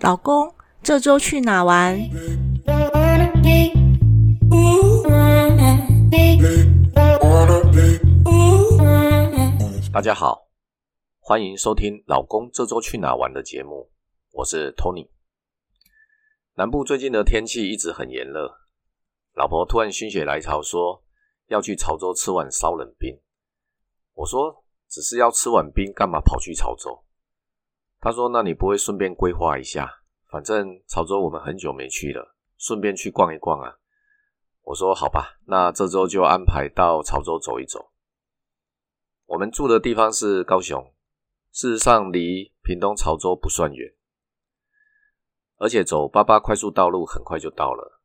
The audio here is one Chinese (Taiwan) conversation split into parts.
老公，這週去哪玩？大家好，歡迎收聽《老公這週去哪玩》的節目，我是 Tony。南部最近的天氣一直很炎熱，老婆突然心血來潮說要去潮州吃碗燒冷冰。我說，只是要吃碗冰，幹嘛跑去潮州？他說：“那你不會順便規劃一下？反正潮州我們很久沒去了，順便去逛一逛啊。”我說：“好吧，那這周就安排到潮州走一走。”我們住的地方是高雄，事實上離屏東潮州不算遠，而且走八八快速道路很快就到了。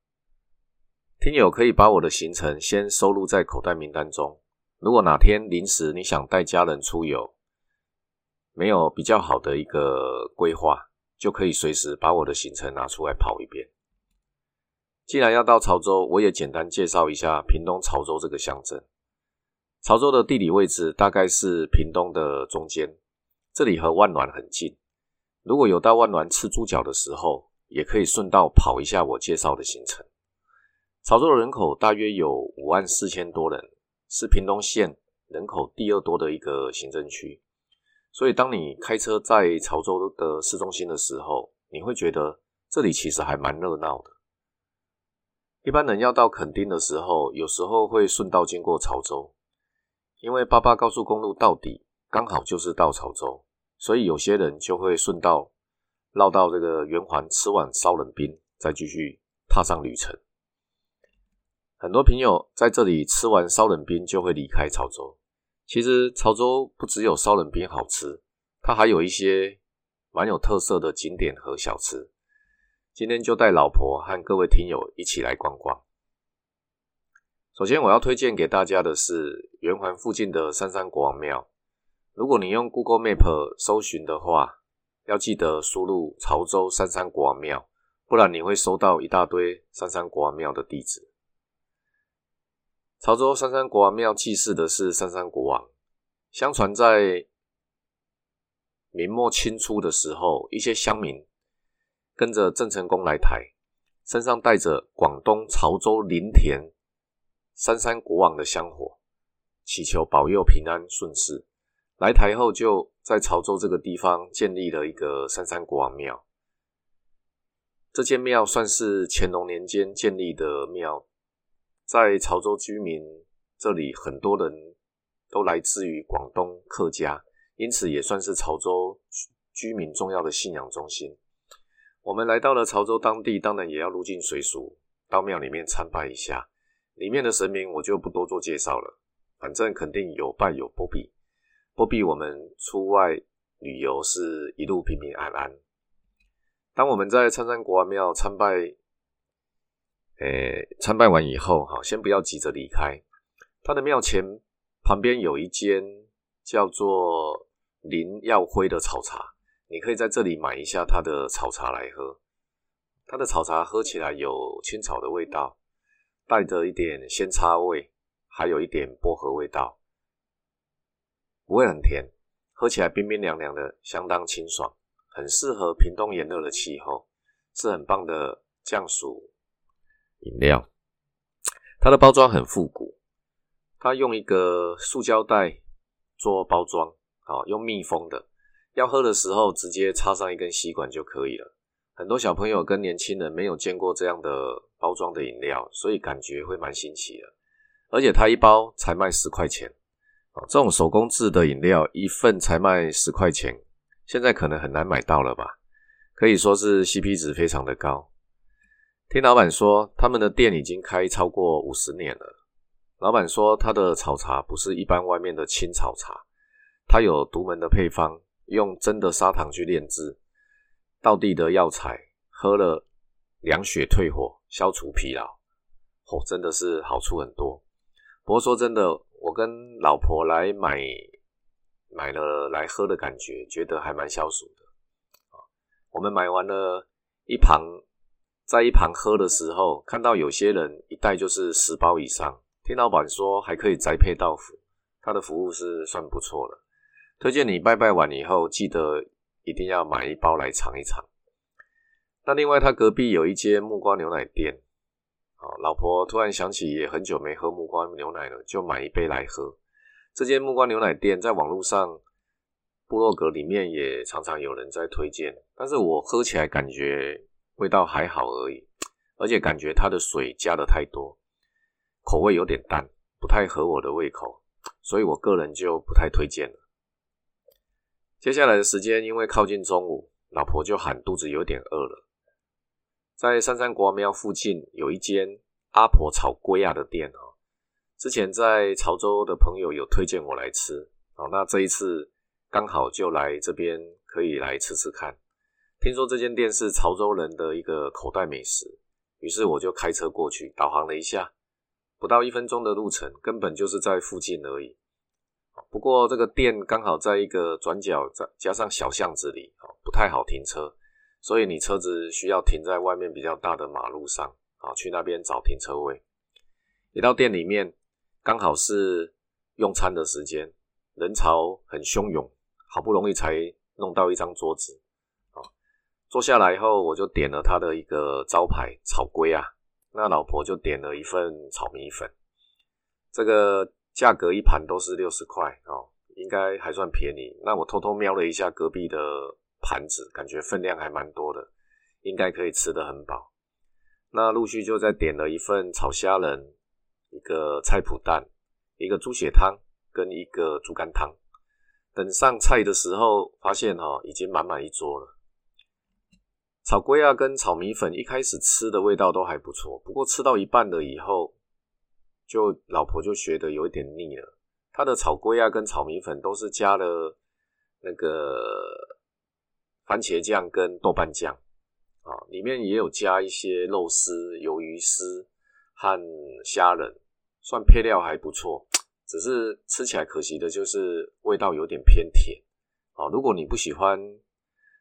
聽友可以把我的行程先收錄在口袋名單中，如果哪天臨時你想帶家人出遊。沒有比較好的一個規劃，就可以隨時把我的行程拿出來跑一遍。既然要到潮州，我也簡單介紹一下屏東潮州這個鄉鎮。潮州的地理位置大概是屏東的中間，這裡和萬巒很近。如果有到萬巒吃豬腳的時候，也可以順道跑一下我介紹的行程。潮州的人口大約有五萬四千多人，是屏東縣人口第二多的一個行政區。所以，當你開車在潮州的市中心的時候，你會覺得這裡其實還蠻熱鬧的。一般人要到墾丁的時候，有時候會順道經過潮州，因為八八高速公路到底剛好就是到潮州，所以有些人就會順道繞到這個圓環吃碗燒冷冰，再繼續踏上旅程。很多朋友在這裡吃完燒冷冰就會離開潮州。其實潮州不只有燒冷冰好吃，它還有一些蠻有特色的景點和小吃，今天就帶老婆和各位聽友一起來逛逛。首先我要推薦給大家的是圓環附近的三山國王廟。如果你用 Google Map 搜尋的話，要記得輸入潮州三山國王廟，不然你會收到一大堆三山國王廟的地址。潮州三山國王廟祭祀的是三山國王。相傳在明末清初的時候，一些鄉民跟着鄭成功來台，身上帶着廣東潮州林田三山國王的香火，祈求保佑平安順遂。來台後，就在潮州這個地方建立了一個三山國王廟。這間廟算是乾隆年間建立的廟。在潮州居民這裡，很多人都來自於廣東客家，因此也算是潮州居民重要的信仰中心。我們來到了潮州當地，當然也要入境隨俗，到廟裡面參拜一下。裡面的神明我就不多做介紹了，反正肯定有拜有保庇，保庇我們出外旅遊是一路平平安安。當我們在三山國王廟參拜。誒、欸，參拜完以後，哈，先不要急着離開。他的廟前旁邊有一間叫做林耀輝的草茶，你可以在這裡買一下他的草茶來喝。他的草茶喝起來有青草的味道，帶着一點鮮茶味，還有一點薄荷味道，不會很甜，喝起來冰冰涼涼的，相當清爽，很適合屏東炎熱的氣候，是很棒的降暑飲料，它的包裝很復古，它用一個塑膠袋做包裝，啊、哦，用密封的，要喝的時候直接插上一根吸管就可以了。很多小朋友跟年輕人沒有見過這樣的包裝的飲料，所以感覺會蠻新奇的。而且它一包才賣十塊錢，啊、哦，這種手工制的飲料一份才賣十塊錢，現在可能很難買到了吧？可以說是 CP 值非常的高。聽老闆說，他們的店已經開超過五十年了。老闆說，他的草茶不是一般外面的青草茶，他有獨門的配方，用真的砂糖去煉制，道地的藥材，喝了涼血退火，消除疲勞。哦，真的是好處很多。不過說真的，我跟老婆來買，買了來喝的感覺，覺得還蠻消暑的。我們買完了一旁，在一旁喝的時候，看到有些人一袋就是十包以上。聽老板說還可以宅配到府，他的服務是算不錯了。推薦你拜拜完以後，記得一定要買一包來嘗一嘗。那另外，他隔壁有一間木瓜牛奶店。好，老婆突然想起也很久沒喝木瓜牛奶了，就買一杯來喝。這間木瓜牛奶店在網絡上部落格裡面也常常有人在推薦，但是我喝起來感覺。味道還好而已，而且感覺它的水加的太多，口味有點淡，不太合我的胃口，所以我個人就不太推薦了。接下來的時間，因為靠近中午，老婆就喊肚子有點餓了。在三山國王廟附近有一間阿婆炒粿仔的店喔，之前在潮州的朋友有推薦我來吃啊，那這一次剛好就來這邊可以來吃吃看。聽說這間店是潮州人的一個口袋美食，於是我就開車過去，導航了一下，不到一分鐘的路程，根本就是在附近而已。不過這個店剛好在一個轉角，再加上小巷子裡，不太好停車，所以你車子需要停在外面比較大的馬路上，啊，去那邊找停車位。一到店裡面，剛好是用餐的時間，人潮很洶湧，好不容易才弄到一張桌子。坐下來以後，我就點了他的一個招牌炒粿啊，那老婆就點了一份炒米粉，這個價格一盤都是六十塊哦，應該還算便宜。那我偷偷瞄了一下隔壁的盤子，感覺分量還蠻多的，應該可以吃得很飽。那陸續就再點了一份炒蝦仁、一個菜脯蛋、一個豬血湯跟一個豬肝湯。等上菜的時候，發現哈、哦、已經滿滿一桌了。炒粿仔跟炒米粉一開始吃的味道都還不錯，不過吃到一半了以後，就老婆就覺得有一點膩了。它的炒粿仔跟炒米粉都是加了那個番茄醬跟豆瓣醬啊，裡面也有加一些肉絲、魷魚絲和蝦仁，算配料還不錯。只是吃起來可惜的就是味道有點偏甜啊，如果你不喜歡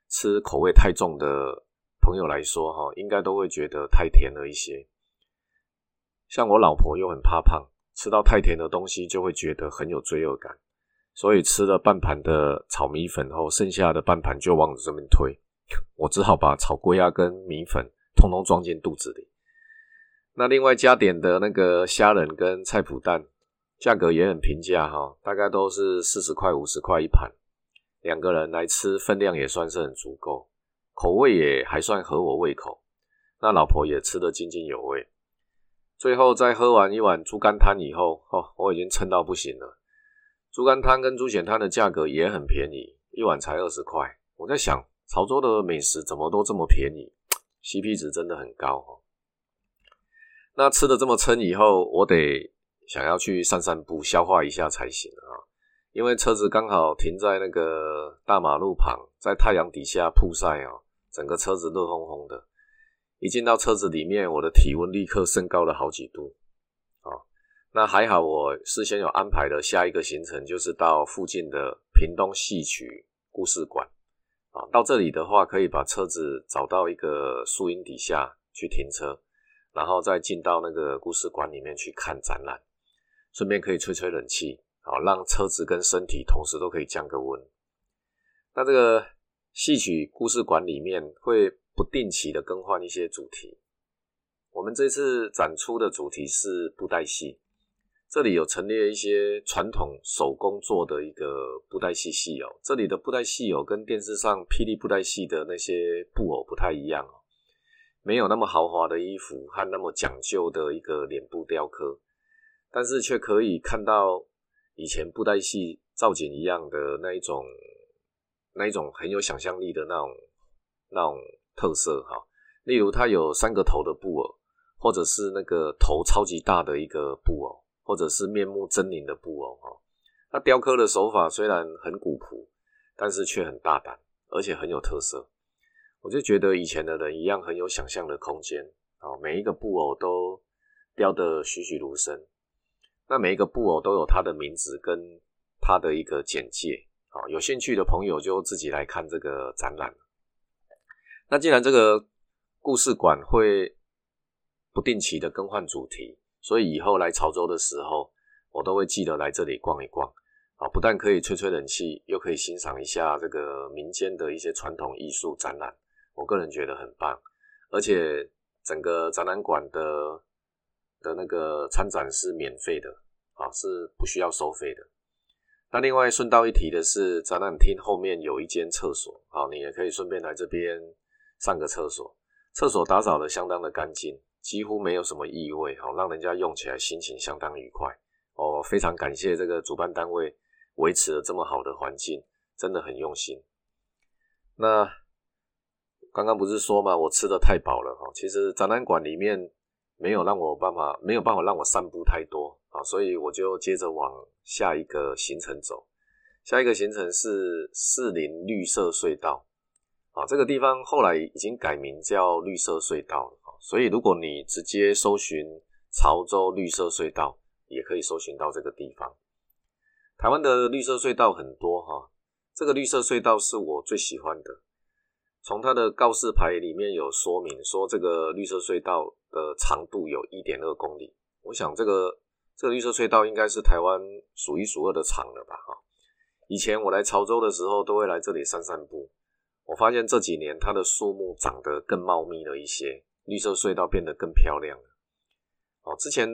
吃口味太重的，朋友來說哈，應該都會覺得太甜了一些。像我老婆又很怕胖，吃到太甜的東西就會覺得很有罪惡感，所以吃了半盤的炒米粉後，剩下的半盤就往我這邊推，我只好把炒粿仔跟米粉通通裝進肚子裡。那另外加點的那個蝦仁跟菜脯蛋，價格也很平價哈，大概都是四十塊五十塊一盤，兩個人來吃分量也算是很足夠。口味也還算合我胃口，那老婆也吃得津津有味。最後在喝完一碗豬肝湯以後，哦，我已經撐到不行了。豬肝湯跟豬血湯的價格也很便宜，一碗才二十塊。我在想，潮州的美食怎麼都這麼便宜，CP 值真的很高哦。那吃的這麼撐以後，我得想要去散散步，消化一下才行啊。因為車子剛好停在那個大馬路旁，在太陽底下曝曬哦，整個車子熱烘烘的。一進到車子裡面，我的體溫立刻升高了好幾度哦，那還好，我事先有安排的下一個行程就是到附近的屏東戲曲故事館啊。到這裡的話，可以把車子找到一個樹蔭底下去停車，然後再進到那個故事館裡面去看展覽，順便可以吹吹冷氣。好，讓車子跟身體同時都可以降個溫。那這個戲曲故事館裡面會不定期的更換一些主題。我們這次展出的主題是布袋戲，這裡有陳列一些傳統手工做的一個布袋戲戲偶。這裡的布袋戲偶、喔、跟電視上霹靂布袋戲的那些布偶不太一樣哦、喔，沒有那麼豪華的衣服和那麼講究的一個臉部雕刻，但是卻可以看到。以前布袋戲造景一樣的那一種，那一種很有想象力的那種那種特色哈。例如，它有三個頭的布偶，或者是那個頭超級大的一個布偶，或者是面目猙獰的布偶哈。它雕刻的手法雖然很古樸，但是卻很大膽，而且很有特色。我就覺得以前的人一樣很有想象的空間啊，每一個布偶都雕得栩栩如生。那每一個布偶都有它的名字跟它的一個簡介啊，有興趣的朋友就自己來看這個展覽。那既然這個故事館會不定期的更換主題，所以以後來潮州的時候，我都會記得來這裡逛一逛啊，不但可以吹吹冷氣，又可以欣賞一下這個民間的一些傳統藝術展覽，我個人覺得很棒，而且整個展覽館的。的那個參展是免費的啊，是不需要收費的。那另外順道一提的是，展覽廳後面有一間廁所啊，你也可以順便來這邊上個廁所。廁所打掃得相當的乾淨，幾乎沒有什麼異味啊，讓人家用起來心情相當愉快哦。非常感謝這個主辦單位維持了這麼好的環境，真的很用心。那剛剛不是說嘛，我吃得太飽了哈。其實展覽館裡面。沒有讓我辦法，沒有辦法讓我散步太多啊，所以我就接着往下一個行程走。下一個行程是四林綠色隧道啊，這個地方後來已經改名叫綠色隧道了，所以如果你直接搜尋潮州綠色隧道，也可以搜尋到這個地方。台灣的綠色隧道很多哈，這個綠色隧道是我最喜歡的。從它的告示牌裡面有說明說，這個綠色隧道。的長度有1.2公里，我想這個這個綠色隧道應該是台灣數一數二的長了吧？哈，以前我來潮州的時候都會來這裡散散步，我發現這幾年它的樹木長得更茂密了一些，綠色隧道變得更漂亮了。哦，之前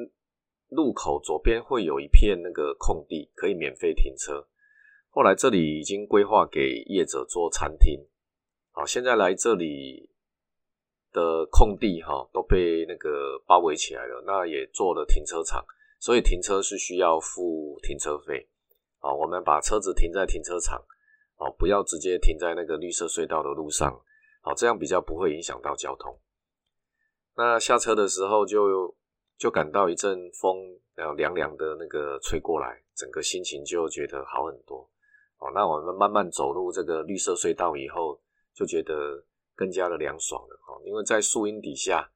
路口左邊會有一片那個空地可以免費停車，後來這裡已經規劃給業者做餐廳。好，現在來這裡。的空地哈都被那個包圍起來了，那也做了停車場，所以停車是需要付停車費。我們把車子停在停車場，不要直接停在那個綠色隧道的路上，好，這樣比較不會影響到交通。那下車的時候就就感到一陣風，然後涼涼的那個吹過來，整個心情就覺得好很多。那我們慢慢走入這個綠色隧道以後，就覺得更加的涼爽了哦，因為在樹蔭底下，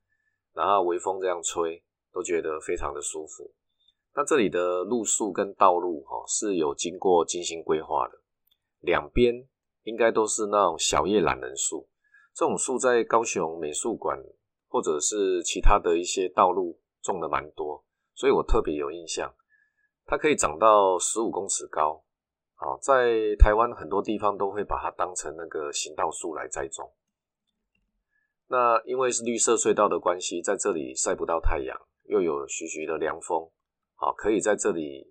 然後微風這樣吹，都覺得非常的舒服。那這裡的路樹跟道路哈是有經過精心規劃的，兩邊應該都是那種小葉欖仁樹。這種樹在高雄美術館或者是其他的一些道路種的蠻多，所以我特別有印象。它可以長到十五公尺高，啊，在台灣很多地方都會把它當成那個行道樹來栽種。那因為是綠色隧道的關係，在這裡曬不到太陽，又有徐徐的涼風，好，可以在這裡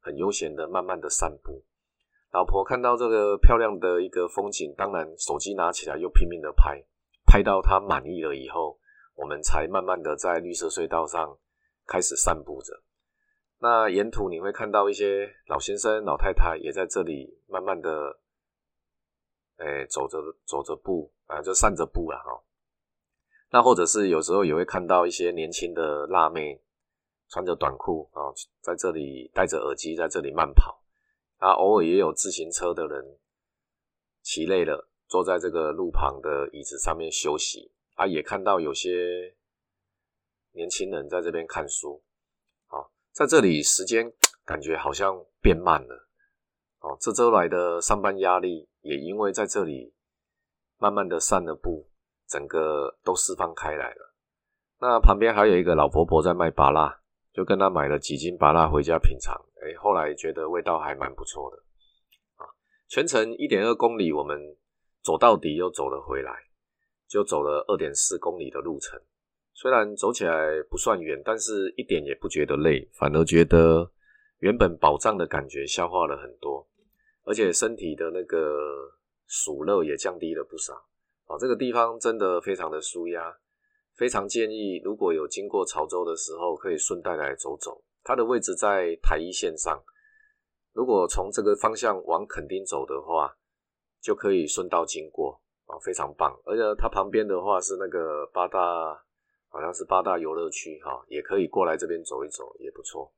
很悠閒的慢慢的散步。老婆看到這個漂亮的一個風景，當然手機拿起來又拼命的拍，拍到她滿意了以後，我們才慢慢的在綠色隧道上開始散步着。那沿途你會看到一些老先生、老太太也在這裡慢慢的，哎、欸，走着走着步啊，就散着步啊。哈。那或者是有時候也會看到一些年輕的辣妹穿着短褲啊，在這裡戴着耳機在這裡慢跑，啊，偶爾也有自行車的人騎累了，坐在這個路旁的椅子上面休息啊，也看到有些年輕人在這邊看書，啊，在這裡時間感覺好像變慢了，哦，這週來的上班壓力也因為在這裡慢慢的散了步。整個都釋放開來了。那旁邊還有一個老婆婆在賣芭樂，就跟他買了幾斤芭樂回家品嘗。哎、欸，後來覺得味道還蠻不錯的。全程一點二公里，我們走到底又走了回來，就走了二點四公里的路程。雖然走起來不算遠，但是一點也不覺得累，反而覺得原本飽脹的感覺消化了很多，而且身體的那個暑熱也降低了不少。哦，這個地方真的非常的舒壓，非常建議，如果有經過潮州的時候，可以順帶來走走。它的位置在台一線上，如果從這個方向往墾丁走的話，就可以順道經過啊，哦，非常棒。而且它旁邊的話是那個八大，好像是八大遊樂區哈，也可以過來這邊走一走，也不錯。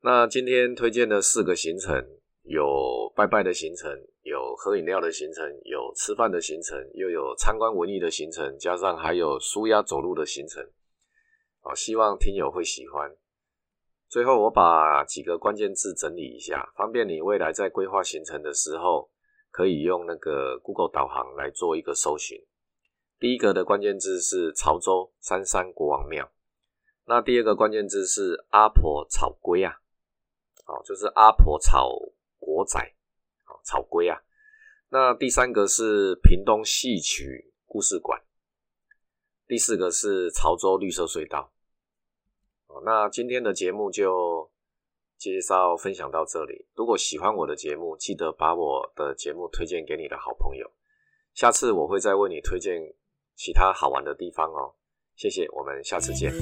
那今天推薦的四個行程。有拜拜的行程，有喝飲料的行程，有吃飯的行程，又有參觀文藝的行程，加上還有舒壓走路的行程，希望聽友會喜歡。最後我把幾個關鍵字整理一下，方便你未來在規劃行程的時候，可以用那個 Google 導航來做一個搜尋。第一個的關鍵字是潮州三山國王廟，那第二個關鍵字是阿婆炒粿啊，就是阿婆炒粿。粿仔，草龜啊，那第三個是屏東戲曲故事館，第四個是潮州綠色隧道。那今天的節目就介紹分享到這裡。如果喜歡我的節目，記得把我的節目推薦給你的好朋友。下次我會再為你推薦其他好玩的地方哦、喔。謝謝，我們下次見。